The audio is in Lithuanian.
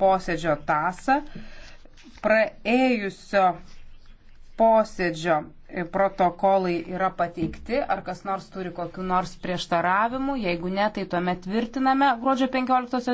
posėdžio tasą. Praėjusio posėdžio protokolai yra pateikti, ar kas nors turi kokiu nors prieštaravimu, jeigu ne, tai tuomet tvirtiname gruodžio 15.